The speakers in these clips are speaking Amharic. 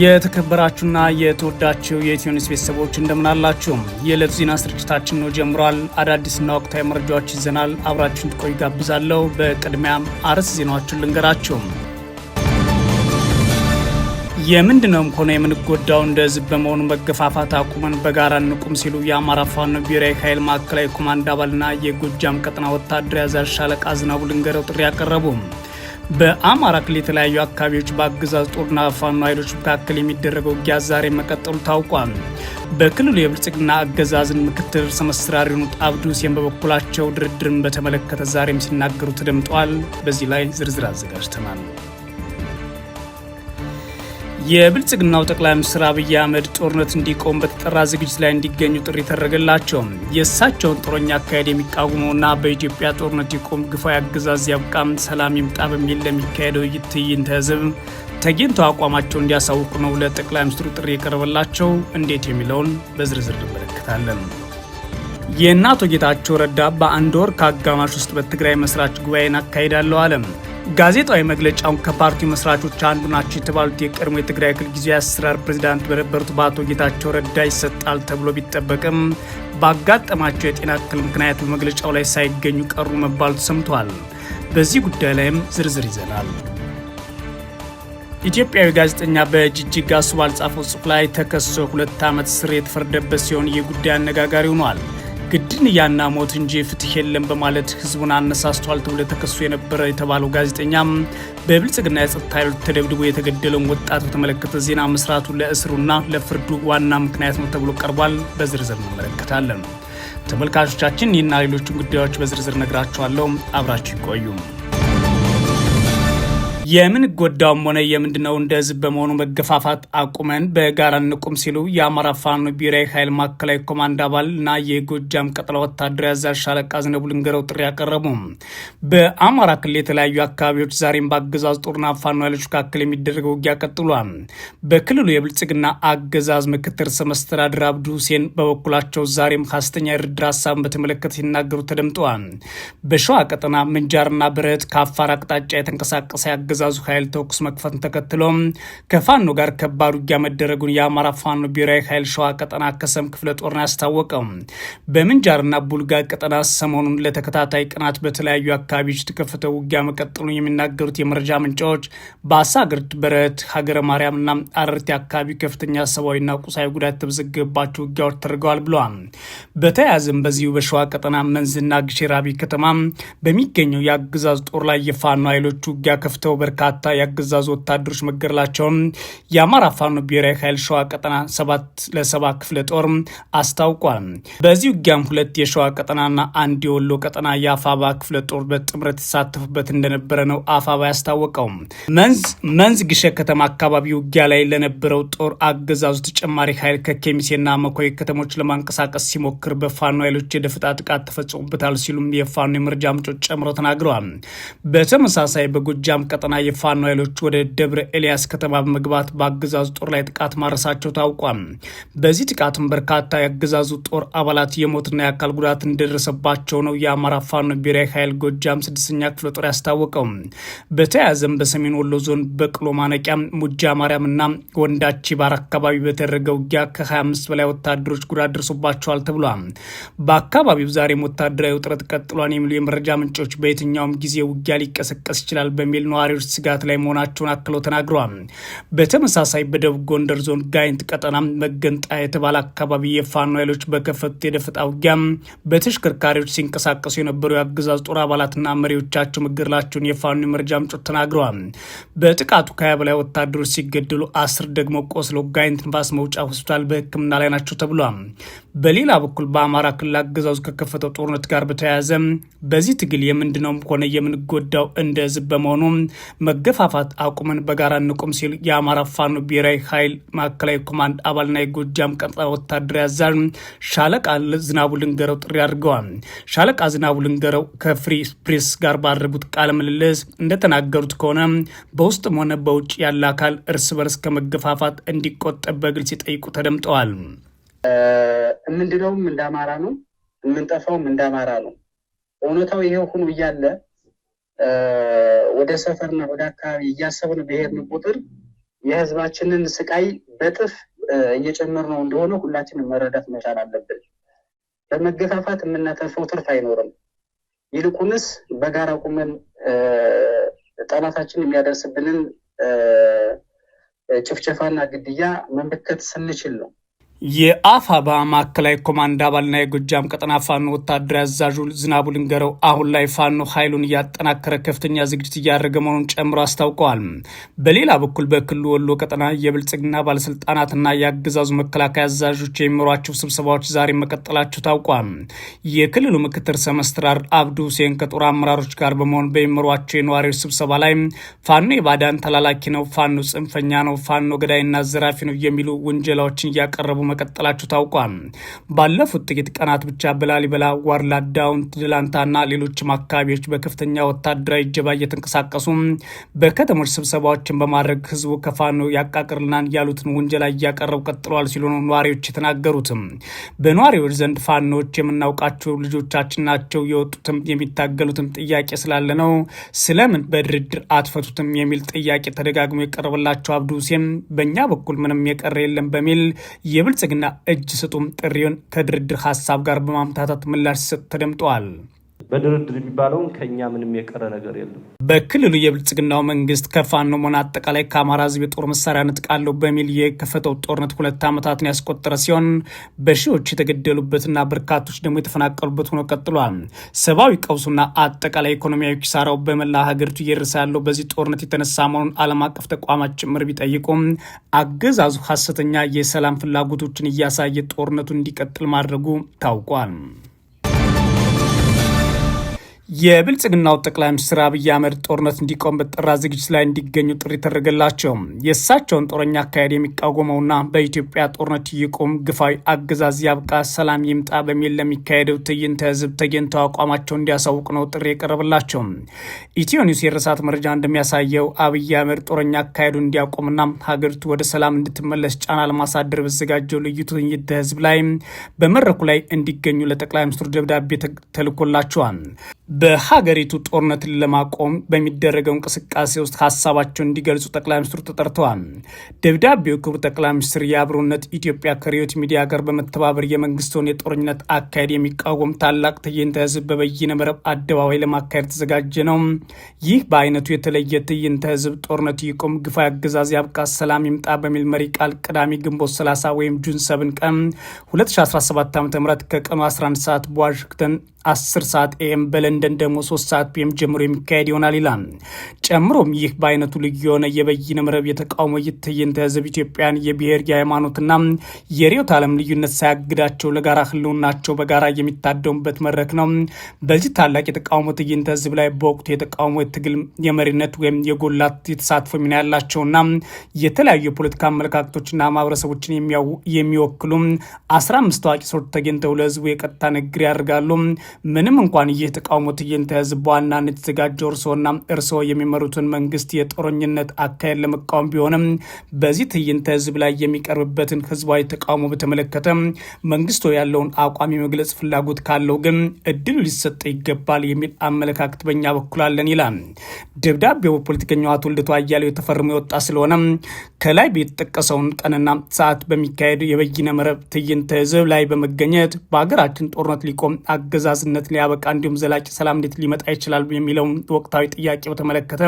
የተከበራችሁና የተወዳችሁ የኢትዮ ቤተሰቦች እንደምናላችሁ የዕለቱ ዜና ስርጭታችን ነው ጀምሯል። አዳዲስና ወቅታዊ መረጃዎች ይዘናል። አብራችሁን ትቆዩ ጋብዛለሁ። በቅድሚያም አርዕስተ ዜናዎችን ልንገራችሁ። የምንድነውም ከሆነ የምንጎዳው እንደ ህዝብ በመሆኑ መገፋፋት አቁመን በጋራ እንቁም ሲሉ የአማራ ፋኖ ብሔራዊ ኃይል ማዕከላዊ ኮማንድ አባልና የጎጃም ቀጠና ወታደር አዛዥ ሻለቃ ዝናቡ ልንገረው ጥሪ አቀረቡም። በአማራ ክልል የተለያዩ አካባቢዎች በአገዛዝ ጦርና ፋኖ ኃይሎች መካከል የሚደረገው ውጊያ ዛሬ መቀጠሉ ታውቋል። በክልሉ የብልጽግና አገዛዝን ምክትል ርዕሰ መስተዳድር የሆኑት አብዱ ሁሴን በበኩላቸው ድርድርን በተመለከተ ዛሬም ሲናገሩ ተደምጠዋል። በዚህ ላይ ዝርዝር አዘጋጅተናል። የብልጽግናው ጠቅላይ ሚኒስትር አብይ አህመድ ጦርነት እንዲቆም በተጠራ ዝግጅት ላይ እንዲገኙ ጥሪ ተደረገላቸው። የእሳቸውን ጦረኛ አካሄድ የሚቃወመውና በኢትዮጵያ ጦርነት ይቆም፣ ግፋ አገዛዝ ያብቃም፣ ሰላም ይምጣ በሚል ለሚካሄደው ትዕይንተ ህዝብ ተገኝተው አቋማቸው እንዲያሳውቁ ነው ለጠቅላይ ሚኒስትሩ ጥሪ የቀረበላቸው። እንዴት የሚለውን በዝርዝር እንመለከታለን። የእነ አቶ ጌታቸው ረዳ በአንድ ወር ከአጋማሽ ውስጥ በትግራይ መስራች ጉባኤን አካሂዳለሁ አለም ጋዜጣዊ መግለጫውን ከፓርቲው መስራቾች አንዱ ናቸው የተባሉት የቀድሞ የትግራይ ክልል ጊዜያዊ አስተዳደር ፕሬዚዳንት በነበሩት በአቶ ጌታቸው ረዳ ይሰጣል ተብሎ ቢጠበቅም ባጋጠማቸው የጤና እክል ምክንያት በመግለጫው ላይ ሳይገኙ ቀሩ መባሉ ተሰምቷል። በዚህ ጉዳይ ላይም ዝርዝር ይዘናል። ኢትዮጵያዊ ጋዜጠኛ በጅጅጋ እሱ ባልጻፈው ጽሑፍ ላይ ተከሶ ሁለት ዓመት ስር የተፈረደበት ሲሆን ይህ ጉዳይ አነጋጋሪ ሆኗል። ግድያና ሞት እንጂ ፍትህ የለም በማለት ህዝቡን አነሳስቷል ተብሎ ተከሶ የነበረ የተባለው ጋዜጠኛ በብልጽግና የጸጥታ ኃይሎች ተደብድቦ የተገደለውን ወጣት በተመለከተ ዜና መስራቱ ለእስሩና ለፍርዱ ዋና ምክንያት ነው ተብሎ ቀርቧል። በዝርዝር እንመለከታለን። ተመልካቾቻችን ይህና ሌሎችም ጉዳዮች በዝርዝር ነግራችኋለሁ። አብራችሁ ይቆዩ። የምንጎዳውም ሆነ የምንድነው እንደ ህዝብ በመሆኑ መገፋፋት አቁመን በጋራ እንቁም ሲሉ የአማራ ፋኖ ብሔራዊ ኃይል ማዕከላዊ ኮማንድ አባል እና የጎጃም ቀጠለ ወታደራዊ አዛዥ ሻለቃ አዝነቡ ልንገረው ጥሪ አቀረቡ። በአማራ ክልል የተለያዩ አካባቢዎች ዛሬም በአገዛዝ ጦርና ፋኖ ኃይሎች መካከል የሚደረገው ውጊያ ቀጥሏል። በክልሉ የብልጽግና አገዛዝ ምክትል ርዕሰ መስተዳድር አብዱ ሁሴን በበኩላቸው ዛሬም ሀሰተኛ የድርድር ሀሳብን በተመለከተ ሲናገሩ ተደምጠዋል። በሸዋ ቀጠና ምንጃርና ብረት ከአፋር አቅጣጫ የተንቀሳቀሰ ያገዛዝ የአገዛዙ ኃይል ተኩስ መክፈትን ተከትሎ ከፋኖ ጋር ከባድ ውጊያ መደረጉን የአማራ ፋኖ ብሔራዊ ኃይል ሸዋ ቀጠና ከሰም ክፍለ ጦርን ያስታወቀው በምንጃርና ቡልጋ ቀጠና ሰሞኑን ለተከታታይ ቀናት በተለያዩ አካባቢዎች የተከፈተው ውጊያ መቀጠሉን የሚናገሩት የመረጃ ምንጫዎች በአሳግርት በረት፣ ሀገረ ማርያምና አረርቲ አካባቢ ከፍተኛ ሰብአዊና ቁሳዊ ጉዳት የተመዘገበባቸው ውጊያዎች ተደርገዋል ብለዋል። በተያያዘም በዚሁ በሸዋ ቀጠና መንዝና ግሼራቢ ከተማ በሚገኘው የአገዛዝ ጦር ላይ የፋኖ ኃይሎች ውጊያ ከፍተው በርካታ የአገዛዙ ወታደሮች መገደላቸውን የአማራ ፋኖ ብሔራዊ ኃይል ሸዋ ቀጠና ሰባት ለሰባ ክፍለ ጦር አስታውቋል። በዚህ ውጊያም ሁለት የሸዋ ቀጠናና አንድ የወሎ ቀጠና የአፋባ ክፍለ ጦር በጥምረት የተሳተፉበት እንደነበረ ነው አፋባ ያስታወቀው። መንዝ ግሸ ከተማ አካባቢ ውጊያ ላይ ለነበረው ጦር አገዛዙ ተጨማሪ ኃይል ከኬሚሴና መኮይ ከተሞች ለማንቀሳቀስ ሲሞክር በፋኖ ኃይሎች የደፈጣ ጥቃት ተፈጽሞበታል ሲሉም የፋኖ የመረጃ ምንጮች ጨምረው ተናግረዋል። በተመሳሳይ በጎጃም ቀጠና የፋኖ ኃይሎች ወደ ደብረ ኤልያስ ከተማ በመግባት በአገዛዙ ጦር ላይ ጥቃት ማድረሳቸው ታውቋል። በዚህ ጥቃትም በርካታ የአገዛዙ ጦር አባላት የሞትና የአካል ጉዳት እንደደረሰባቸው ነው የአማራ ፋኖ ብሔራዊ ኃይል ጎጃም ስድስተኛ ክፍለ ጦር ያስታወቀው። በተያያዘም በሰሜን ወሎ ዞን በቅሎ ማነቂያ፣ ሙጃ ማርያምና ባር አካባቢ በተደረገ ውጊያ ከ25 በላይ ወታደሮች ጉዳት ደርሶባቸዋል ተብሏል። በአካባቢው ዛሬም ወታደራዊ ውጥረት ቀጥሏል የሚሉ የመረጃ ምንጮች በየትኛውም ጊዜ ውጊያ ሊቀሰቀስ ይችላል በሚል ነዋሪዎች ስጋት ላይ መሆናቸውን አክለው ተናግረዋል። በተመሳሳይ በደቡብ ጎንደር ዞን ጋይንት ቀጠና መገንጣ የተባለ አካባቢ የፋኖ ኃይሎች በከፈቱት የደፈጣ ውጊያ በተሽከርካሪዎች ሲንቀሳቀሱ የነበሩ የአገዛዝ ጦር አባላትና መሪዎቻቸው መገደላቸውን የፋኖ የመረጃ ምንጮች ተናግረዋል። በጥቃቱ ከሀያ በላይ ወታደሮች ሲገደሉ አስር ደግሞ ቆስለው ጋይንት ንፋስ መውጫ ሆስፒታል በሕክምና ላይ ናቸው ተብሏል። በሌላ በኩል በአማራ ክልል አገዛዙ ከከፈተው ጦርነት ጋር በተያያዘ በዚህ ትግል የምንድነው ሆነ የምንጎዳው እንደ ህዝብ በመሆኑ መገፋፋት አቁመን በጋራ እንቁም ሲል የአማራ ፋኖ ብሔራዊ ኃይል ማዕከላዊ ኮማንድ አባልና የጎጃም ቀጠና ወታደራዊ አዛዥ ሻለቃ ዝናቡ ልንገረው ጥሪ አድርገዋል። ሻለቃ ዝናቡ ልንገረው ከፍሪ ፕሬስ ጋር ባደረጉት ቃለ ምልልስ እንደተናገሩት ከሆነ በውስጥም ሆነ በውጭ ያለ አካል እርስ በርስ ከመገፋፋት እንዲቆጠብ በግልጽ ሲጠይቁ ተደምጠዋል። የምንድነውም እንደ አማራ ነው፣ የምንጠፋውም እንደ አማራ ነው። እውነታው ይሄ ሁኑ እያለ ወደ ሰፈርና ወደ አካባቢ እያሰብን ብሄርን ቁጥር የህዝባችንን ስቃይ በጥፍ እየጨመር ነው እንደሆነ ሁላችንም መረዳት መቻል አለብን። በመገፋፋት የምናተርፈው ትርፍ አይኖርም። ይልቁንስ በጋራ ቁመን ጠላታችን የሚያደርስብንን ጭፍጨፋና ግድያ መመከት ስንችል ነው። የአፋባ ማዕከላዊ ኮማንድ አባልና የጎጃም ቀጠና ፋኖ ወታደራዊ አዛዡ ዝናቡ ልንገረው አሁን ላይ ፋኖ ኃይሉን እያጠናከረ ከፍተኛ ዝግጅት እያደረገ መሆኑን ጨምሮ አስታውቀዋል። በሌላ በኩል በክልሉ ወሎ ቀጠና የብልጽግና ባለስልጣናትና የአገዛዙ መከላከያ አዛዦች የሚመሯቸው ስብሰባዎች ዛሬ መቀጠላቸው ታውቋል። የክልሉ ምክትል ርዕሰ መስተዳድር አብዱ ሁሴን ከጦር አመራሮች ጋር በመሆን በሚመሯቸው የነዋሪዎች ስብሰባ ላይ ፋኖ የባዳን ተላላኪ ነው፣ ፋኖ ጽንፈኛ ነው፣ ፋኖ ገዳይና ዘራፊ ነው የሚሉ ውንጀላዎችን እያቀረቡ መቀጠላቸው ታውቋል። ባለፉት ጥቂት ቀናት ብቻ በላሊበላ ዋርላ፣ ዳውንት፣ ድላንታና ሌሎችም አካባቢዎች በከፍተኛ ወታደራዊ እጀባ እየተንቀሳቀሱ በከተሞች ስብሰባዎችን በማድረግ ህዝቡ ከፋኖ ያቃቅርልናን ያሉትን ውንጀላ እያቀረቡ ቀጥለዋል ሲሉ ነው ነዋሪዎች የተናገሩት። በነዋሪዎች ዘንድ ፋኖዎች የምናውቃቸው ልጆቻችን ናቸው የወጡትም የሚታገሉትም ጥያቄ ስላለ ነው ስለምን በድርድር አትፈቱትም የሚል ጥያቄ ተደጋግሞ የቀረበላቸው አብዱ ሁሴም በእኛ በኩል ምንም የቀረ የለም በሚል የብል ብልጽግና እጅ ስጡም ጥሪውን ከድርድር ሀሳብ ጋር በማምታታት ምላሽ ሲሰጥ ተደምጠዋል። በድርድር የሚባለውን ከኛ ምንም የቀረ ነገር የለም። በክልሉ የብልጽግናው መንግስት ከፋኖ መሆን አጠቃላይ ከአማራ ህዝብ የጦር መሳሪያ ንጥቃለሁ በሚል የከፈተው ጦርነት ሁለት ዓመታትን ያስቆጠረ ሲሆን በሺዎች የተገደሉበትና በርካቶች ደግሞ የተፈናቀሉበት ሆኖ ቀጥሏል። ሰብአዊ ቀውሱና አጠቃላይ ኢኮኖሚያዊ ኪሳራው በመላ ሀገሪቱ እየደረሰ ያለው በዚህ ጦርነት የተነሳ መሆኑን ዓለም አቀፍ ተቋማት ጭምር ቢጠይቁም አገዛዙ ሀሰተኛ የሰላም ፍላጎቶችን እያሳየ ጦርነቱን እንዲቀጥል ማድረጉ ታውቋል። የብልጽግናው ጠቅላይ ሚኒስትር አብይ አህመድ ጦርነት እንዲቆም በጠራ ዝግጅት ላይ እንዲገኙ ጥሪ ተደረገላቸው። የእሳቸውን ጦረኛ አካሄድ የሚቃወመውና በኢትዮጵያ ጦርነት ይቁም፣ ግፋዊ አገዛዝ ያብቃ፣ ሰላም ይምጣ በሚል ለሚካሄደው ትዕይንተ ህዝብ ተገኝተው አቋማቸው እንዲያሳውቅ ነው ጥሪ የቀረበላቸው። ኢትዮ ኒውስ የረሳት መረጃ እንደሚያሳየው አብይ አህመድ ጦረኛ አካሄዱ እንዲያቆምና ሀገሪቱ ወደ ሰላም እንድትመለስ ጫና ለማሳደር በዘጋጀው ልዩ ትዕይንተ ህዝብ ላይ በመድረኩ ላይ እንዲገኙ ለጠቅላይ ሚኒስትሩ ደብዳቤ ተልኮላቸዋል። በሀገሪቱ ጦርነትን ለማቆም በሚደረገው እንቅስቃሴ ውስጥ ሀሳባቸውን እንዲገልጹ ጠቅላይ ሚኒስትሩ ተጠርተዋል። ደብዳቤው ክቡር ጠቅላይ ሚኒስትር የአብሮነት ኢትዮጵያ ከሪዮት ሚዲያ ጋር በመተባበር የመንግስትን የጦርነት አካሄድ የሚቃወም ታላቅ ትዕይንተ ህዝብ በበይነ መረብ አደባባይ ለማካሄድ የተዘጋጀ ነው። ይህ በአይነቱ የተለየ ትዕይንተ ህዝብ ጦርነት ይቁም፣ ግፋ አገዛዝ ያብቃ፣ ሰላም ይምጣ በሚል መሪ ቃል ቅዳሜ ግንቦት 30 ወይም ጁን 7 ቀን 2017 ዓ ም ከቀኑ 11 ሰዓት በዋሽንግተን 10 ሰዓት ኤም በለን ለንደን ደግሞ ሶስት ሰዓት ፒኤም ጀምሮ የሚካሄድ ይሆናል ይላል። ጨምሮም ይህ በአይነቱ ልዩ የሆነ የበይነ መረብ የተቃውሞ ትዕይንተ ህዝብ ኢትዮጵያን የብሔር የሃይማኖትና የርዕዮተ ዓለም ልዩነት ሳያግዳቸው ለጋራ ህልውናቸው በጋራ የሚታደሙበት መድረክ ነው። በዚህ ታላቅ የተቃውሞ ትዕይንተ ህዝብ ላይ በወቅቱ የተቃውሞ ትግል የመሪነት ወይም የጎላት የተሳትፎ ሚና ያላቸውና የተለያዩ የፖለቲካ አመለካከቶችና ማህበረሰቦችን የሚወክሉ አስራ አምስት ታዋቂ ሰዎች ተገኝተው ለህዝቡ የቀጥታ ንግግር ያደርጋሉ። ምንም እንኳን ይህ ተቃውሞ ትዕይንተ ህዝብ በዋናነት የተዘጋጀው እርስዎና እርስዎ የሚመሩትን መንግስት የጦረኝነት አካሄድ ለመቃወም ቢሆንም በዚህ ትዕይንተ ህዝብ ላይ የሚቀርብበትን ህዝባዊ ተቃውሞ በተመለከተ መንግስቶ ያለውን አቋም የመግለጽ ፍላጎት ካለው ግን እድሉ ሊሰጠ ይገባል የሚል አመለካከት በኛ በኩል አለን ይላል ደብዳቤው። በፖለቲከኛው አቶ ልደቱ አያሌው የተፈርሞ የወጣ ስለሆነ ከላይ የተጠቀሰውን ቀንና ሰዓት በሚካሄድ የበይነ መረብ ትዕይንተ ህዝብ ላይ በመገኘት በሀገራችን ጦርነት ሊቆም አገዛዝነት ሊያበቃ እንዲሁም ዘላቂ ሰላም እንዴት ሊመጣ ይችላል የሚለውን ወቅታዊ ጥያቄ በተመለከተ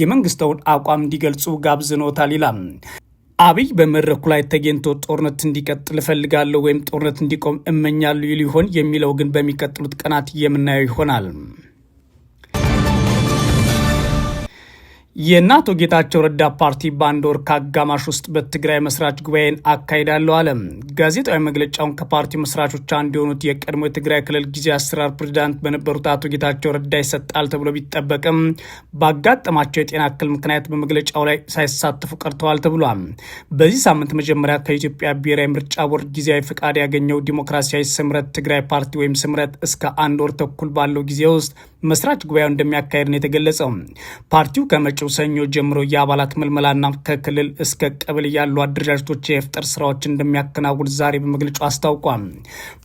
የመንግስተውን አቋም እንዲገልጹ ጋብዝኖታል ይላል። አብይ በመድረኩ ላይ ተገኝቶ ጦርነት እንዲቀጥል እፈልጋለሁ ወይም ጦርነት እንዲቆም እመኛለሁ ሊሆን የሚለው ግን በሚቀጥሉት ቀናት የምናየው ይሆናል። የእነ አቶ ጌታቸው ረዳ ፓርቲ በአንድ ወር ከአጋማሽ ውስጥ በትግራይ መስራች ጉባኤን አካሂዳለሁ አለ። ጋዜጣዊ መግለጫውን ከፓርቲው መስራቾች አንዱ የሆኑት የቀድሞ የትግራይ ክልል ጊዜ አሰራር ፕሬዚዳንት በነበሩት አቶ ጌታቸው ረዳ ይሰጣል ተብሎ ቢጠበቅም ባጋጠማቸው የጤና እክል ምክንያት በመግለጫው ላይ ሳይሳተፉ ቀርተዋል ተብሏል። በዚህ ሳምንት መጀመሪያ ከኢትዮጵያ ብሔራዊ ምርጫ ቦርድ ጊዜያዊ ፈቃድ ያገኘው ዲሞክራሲያዊ ስምረት ትግራይ ፓርቲ ወይም ስምረት እስከ አንድ ወር ተኩል ባለው ጊዜ ውስጥ መስራች ጉባኤው እንደሚያካሄድ ነው የተገለጸው። ፓርቲው ከመጪው ሰኞ ጀምሮ የአባላት ምልመላና ከክልል እስከ ቀበሌ ያሉ አደረጃጀቶች የፍጠር ስራዎች እንደሚያከናውን ዛሬ በመግለጫው አስታውቋል።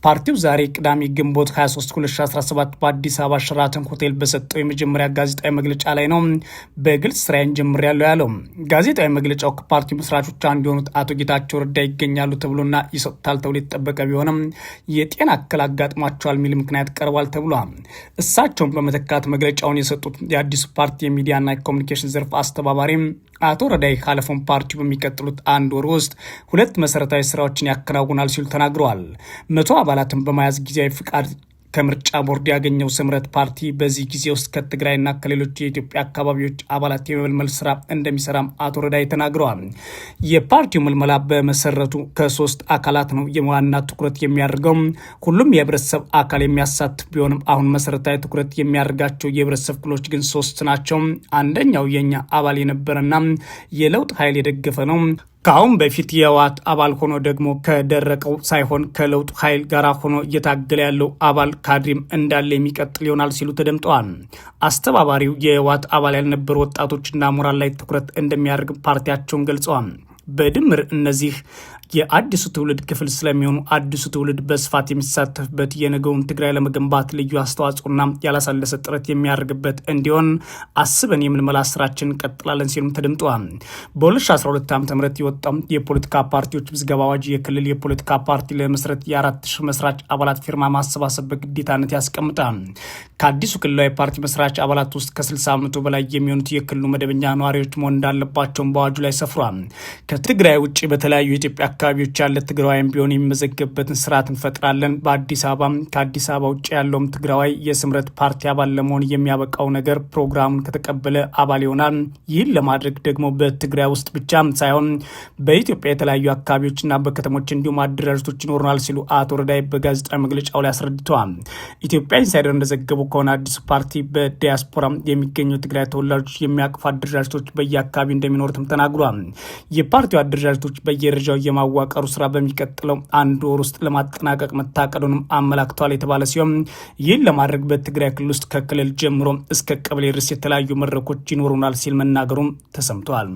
ፓርቲው ዛሬ ቅዳሜ ግንቦት 23 2017 በአዲስ አበባ ሸራተን ሆቴል በሰጠው የመጀመሪያ ጋዜጣዊ መግለጫ ላይ ነው በግልጽ ስራዬን ጀምሬያለሁ ያለው። ጋዜጣዊ መግለጫው ከፓርቲው መስራቾች አንዱ የሆኑት አቶ ጌታቸው ረዳ ይገኛሉ ተብሎና ይሰጡታል ተብሎ የተጠበቀ ቢሆንም የጤና እክል አጋጥሟቸዋል የሚል ምክንያት ቀርቧል ተብሏል። እሳቸውን በመተካት መግለጫውን የሰጡት የአዲሱ ፓርቲ የሚዲያና የኮሚኒኬሽን ዘርፍ አስተባባሪ አቶ ረዳይ ካለፎን ፓርቲው በሚቀጥሉት አንድ ወር ውስጥ ሁለት መሰረታዊ ስራዎችን ያከናውናል ሲሉ ተናግረዋል። መቶ አባላትን በመያዝ ጊዜያዊ ፍቃድ ከምርጫ ቦርድ ያገኘው ስምረት ፓርቲ በዚህ ጊዜ ውስጥ ከትግራይና ከሌሎች የኢትዮጵያ አካባቢዎች አባላት የመመልመል ስራ እንደሚሰራም አቶ ረዳይ ተናግረዋል። የፓርቲው ምልመላ በመሰረቱ ከሶስት አካላት ነው የዋና ትኩረት የሚያደርገው። ሁሉም የህብረተሰብ አካል የሚያሳትፍ ቢሆንም አሁን መሰረታዊ ትኩረት የሚያደርጋቸው የህብረተሰብ ክፍሎች ግን ሶስት ናቸው። አንደኛው የኛ አባል የነበረና የለውጥ ኃይል የደገፈ ነው። ከአሁን በፊት የህወሓት አባል ሆኖ ደግሞ ከደረቀው ሳይሆን ከለውጡ ኃይል ጋር ሆኖ እየታገለ ያለው አባል ካድሬም እንዳለ የሚቀጥል ይሆናል ሲሉ ተደምጠዋል። አስተባባሪው የህወሓት አባል ያልነበሩ ወጣቶችና ሞራል ላይ ትኩረት እንደሚያደርግ ፓርቲያቸውን ገልጸዋል። በድምር እነዚህ የአዲሱ ትውልድ ክፍል ስለሚሆኑ አዲሱ ትውልድ በስፋት የሚሳተፍበት የነገውን ትግራይ ለመገንባት ልዩ አስተዋጽኦና ያላሳለሰ ጥረት የሚያደርግበት እንዲሆን አስበን የምልመላ ስራችን ቀጥላለን ሲሉም ተደምጠዋል። በ2012 ዓ ም የወጣው የፖለቲካ ፓርቲዎች ምዝገባ አዋጅ የክልል የፖለቲካ ፓርቲ ለመስረት የአራት ሺህ መስራች አባላት ፊርማ ማሰባሰብ በግዴታነት ያስቀምጣል። ከአዲሱ ክልላዊ ፓርቲ መስራች አባላት ውስጥ ከ60 ዓመቱ በላይ የሚሆኑት የክልሉ መደበኛ ነዋሪዎች መሆን እንዳለባቸውን በአዋጁ ላይ ሰፍሯል። ከትግራይ ውጭ በተለያዩ የኢትዮጵያ አካባቢዎች ያለ ትግራዋይም ቢሆን የሚመዘገብበትን ስርዓት እንፈጥራለን። በአዲስ አበባ ከአዲስ አበባ ውጭ ያለውም ትግራዋይ የስምረት ፓርቲ አባል ለመሆን የሚያበቃው ነገር ፕሮግራሙን ከተቀበለ አባል ይሆናል። ይህን ለማድረግ ደግሞ በትግራይ ውስጥ ብቻ ሳይሆን በኢትዮጵያ የተለያዩ አካባቢዎችና በከተሞች እንዲሁም አደራጅቶች ይኖሩናል ሲሉ አቶ ረዳይ በጋዜጣዊ መግለጫው ላይ አስረድተዋል። ኢትዮጵያ ኢንሳይደር እንደዘገበው ከሆነ አዲሱ ፓርቲ በዲያስፖራ የሚገኙ ትግራይ ተወላጆች የሚያቅፉ አደራጅቶች በየአካባቢ እንደሚኖሩትም ተናግሯል። የፓርቲው አደራጅቶች በየደረጃው የማ የማዋቀሩ ስራ በሚቀጥለው አንድ ወር ውስጥ ለማጠናቀቅ መታቀዱንም አመላክተዋል የተባለ ሲሆን ይህን ለማድረግ በትግራይ ክልል ውስጥ ከክልል ጀምሮ እስከ ቀበሌ ድረስ የተለያዩ መድረኮች ይኖሩናል ሲል መናገሩም ተሰምተዋል።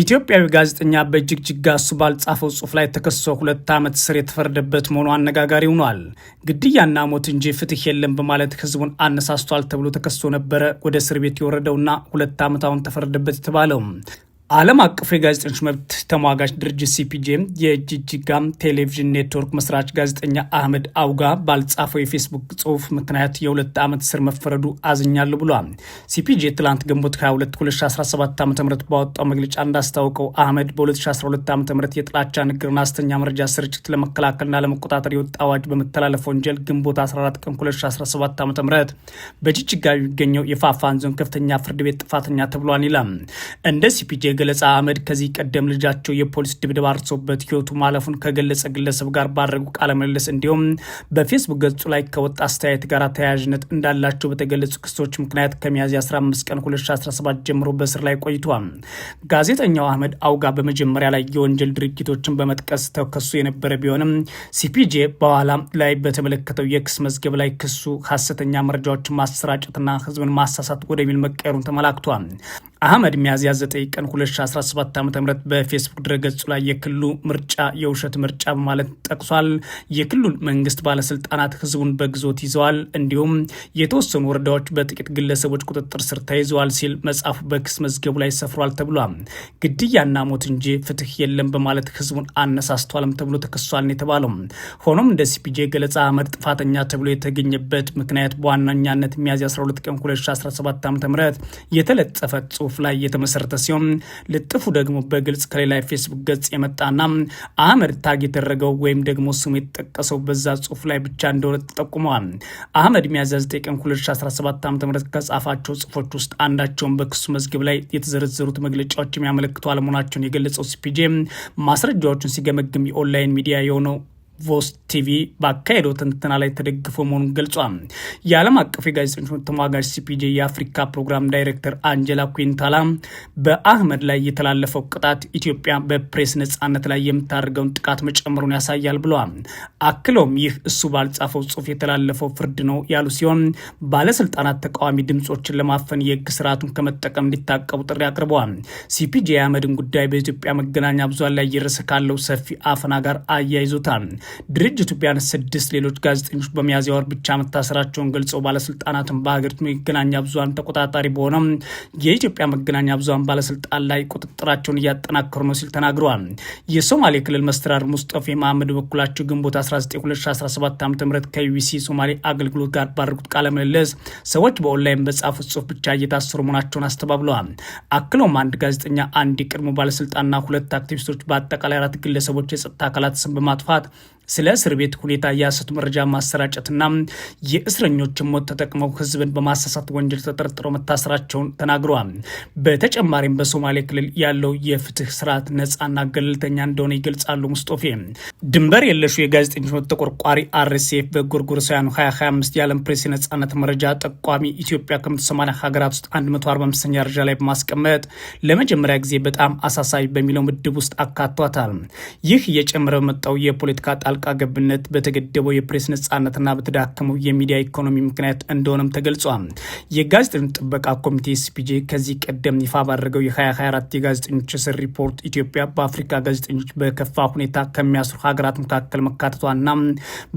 ኢትዮጵያዊ ጋዜጠኛ በእጅግ ጋሱ ባልጻፈው ጽሁፍ ላይ ተከሶ ሁለት ዓመት ስር የተፈረደበት መሆኑ አነጋጋሪ ሆኗል። ግድያና ሞት እንጂ ፍትህ የለም በማለት ህዝቡን አነሳስቷል ተብሎ ተከሶ ነበረ ወደ እስር ቤት የወረደውና ሁለት ዓመት አሁን ተፈረደበት የተባለው ዓለም አቀፍ የጋዜጠኞች መብት ተሟጋች ድርጅት ሲፒጄም የጂጂጋም ቴሌቪዥን ኔትወርክ መስራች ጋዜጠኛ አህመድ አውጋ ባልጻፈው የፌስቡክ ጽሁፍ ምክንያት የሁለት ዓመት እስር መፈረዱ አዝኛል ብሏል። ሲፒጄ ትላንት ግንቦት 22 2017 ዓ ም ባወጣው መግለጫ እንዳስታወቀው አህመድ በ2012 ዓ ም የጥላቻ ንግግርና ሐሰተኛ መረጃ ስርጭት ለመከላከልና ለመቆጣጠር የወጣ አዋጅ በመተላለፍ ወንጀል ግንቦት 14 ቀን 2017 ዓ ም በጂጂጋ የሚገኘው የፋፋን ዞን ከፍተኛ ፍርድ ቤት ጥፋተኛ ተብሏል ይላል። እንደ ሲፒጄ የገለጻ አህመድ ከዚህ ቀደም ልጃቸው የፖሊስ ድብደባ አርሶበት ህይወቱ ማለፉን ከገለጸ ግለሰብ ጋር ባድረጉ ቃለምልልስ እንዲሁም በፌስቡክ ገጹ ላይ ከወጥ አስተያየት ጋር ተያያዥነት እንዳላቸው በተገለጹ ክሶች ምክንያት ከሚያዝያ 15 ቀን 2017 ጀምሮ በስር ላይ ቆይቷል። ጋዜጠኛው አህመድ አውጋ በመጀመሪያ ላይ የወንጀል ድርጊቶችን በመጥቀስ ተከሱ የነበረ ቢሆንም ሲፒጄ በኋላ ላይ በተመለከተው የክስ መዝገብ ላይ ክሱ ሀሰተኛ መረጃዎችን ማሰራጨትና ህዝብን ማሳሳት ወደሚል መቀየሩን ተመላክቷል። አህመድ ሚያዝያ 9 ቀን 2017 ዓ ም በፌስቡክ ድረገጹ ላይ የክልሉ ምርጫ የውሸት ምርጫ በማለት ጠቅሷል። የክልሉ መንግስት ባለስልጣናት ህዝቡን በግዞት ይዘዋል፣ እንዲሁም የተወሰኑ ወረዳዎች በጥቂት ግለሰቦች ቁጥጥር ስር ተይዘዋል ሲል መጽሐፉ በክስ መዝገቡ ላይ ሰፍሯል ተብሏል። ግድያና ሞት እንጂ ፍትህ የለም በማለት ህዝቡን አነሳስቷልም ተብሎ ተከሷል የተባለው ሆኖም እንደ ሲፒጄ ገለጻ አህመድ ጥፋተኛ ተብሎ የተገኘበት ምክንያት በዋነኛነት ሚያዝያ 12 ቀን 2017 ዓ ም የተለጠፈ ጽሁፍ ላይ የተመሰረተ ሲሆን ልጥፉ ደግሞ በግልጽ ከሌላ የፌስቡክ ገጽ የመጣና አህመድ ታግ የተደረገው ወይም ደግሞ ስሙ የተጠቀሰው በዛ ጽሁፍ ላይ ብቻ እንደሆነ ተጠቁመዋል። አህመድ ሚያዝያ 9 ቀን 2017 ዓ ም ከጻፋቸው ጽሁፎች ውስጥ አንዳቸውን በክሱ መዝገብ ላይ የተዘረዘሩት መግለጫዎች የሚያመለክቱ አለመሆናቸውን የገለጸው ሲፒጄ ማስረጃዎቹን ሲገመግም የኦንላይን ሚዲያ የሆነው ቮስ ቲቪ ባካሄደው ትንትና ላይ ተደግፎ መሆኑን ገልጿል። የዓለም አቀፍ የጋዜጠኞች ተሟጋች ሲፒጄ የአፍሪካ ፕሮግራም ዳይሬክተር አንጀላ ኩንታላ በአህመድ ላይ የተላለፈው ቅጣት ኢትዮጵያ በፕሬስ ነጻነት ላይ የምታደርገውን ጥቃት መጨመሩን ያሳያል ብለዋል። አክለውም ይህ እሱ ባልጻፈው ጽሁፍ የተላለፈው ፍርድ ነው ያሉ ሲሆን ባለስልጣናት ተቃዋሚ ድምፆችን ለማፈን የህግ ስርዓቱን ከመጠቀም እንዲታቀቡ ጥሪ አቅርበዋል። ሲፒጄ የአህመድን ጉዳይ በኢትዮጵያ መገናኛ ብዙሃን ላይ እየደረሰ ካለው ሰፊ አፈና ጋር አያይዞታል። ድርጅቱ ቢያንስ ስድስት ሌሎች ጋዜጠኞች በሚያዝያ ወር ብቻ መታሰራቸውን ገልጸው ባለስልጣናትን በሀገሪቱ መገናኛ ብዙሀን ተቆጣጣሪ በሆነው የኢትዮጵያ መገናኛ ብዙሀን ባለስልጣን ላይ ቁጥጥራቸውን እያጠናከሩ ነው ሲል ተናግረዋል። የሶማሌ ክልል መስተዳድር ሙስጠፌ መሐመድ በኩላቸው ግንቦት 192017 ዓ ም ከዩቢሲ ሶማሌ አገልግሎት ጋር ባደረጉት ቃለ ምልልስ ሰዎች በኦንላይን በጻፉት ጽሁፍ ብቻ እየታሰሩ መሆናቸውን አስተባብለዋል። አክለውም አንድ ጋዜጠኛ፣ አንድ የቀድሞ ባለስልጣንና ሁለት አክቲቪስቶች በአጠቃላይ አራት ግለሰቦች የጸጥታ አካላት ስም በማጥፋት ስለ እስር ቤት ሁኔታ የሐሰት መረጃ ማሰራጨትና የእስረኞችን ሞት ተጠቅመው ህዝብን በማሳሳት ወንጀል ተጠርጥረው መታሰራቸውን ተናግረዋል። በተጨማሪም በሶማሌ ክልል ያለው የፍትህ ስርዓት ነጻና ገለልተኛ እንደሆነ ይገልጻሉ። ሙስጦፌ ድንበር የለሹ የጋዜጠኝነት ተቆርቋሪ አርሴፍ በጎርጎሮሳውያኑ 2025 የዓለም ፕሬስ የነጻነት መረጃ ጠቋሚ ኢትዮጵያ ከ180 ሀገራት ውስጥ 145ኛ ደረጃ ላይ በማስቀመጥ ለመጀመሪያ ጊዜ በጣም አሳሳቢ በሚለው ምድብ ውስጥ አካቷታል። ይህ እየጨመረ በመጣው የፖለቲካ ጣል ጣልቃ ገብነት በተገደበው የፕሬስ ነጻነትና በተዳከመው የሚዲያ ኢኮኖሚ ምክንያት እንደሆነም ተገልጿል። የጋዜጠኞች ጥበቃ ኮሚቴ ሲፒጄ ከዚህ ቀደም ይፋ ባደረገው የ2024 የጋዜጠኞች እስር ሪፖርት ኢትዮጵያ በአፍሪካ ጋዜጠኞች በከፋ ሁኔታ ከሚያስሩ ሀገራት መካከል መካተቷና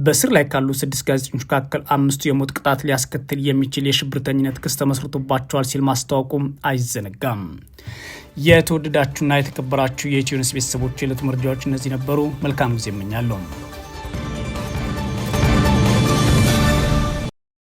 በስር ላይ ካሉ ስድስት ጋዜጠኞች መካከል አምስቱ የሞት ቅጣት ሊያስከትል የሚችል የሽብርተኝነት ክስ ተመስርቶባቸዋል ሲል ማስታወቁም አይዘነጋም። የተወደዳችሁና የተከበራችሁ የኢትዮኒውስ ቤተሰቦች የዕለቱ መረጃዎች እነዚህ ነበሩ። መልካም ጊዜ እመኛለሁ።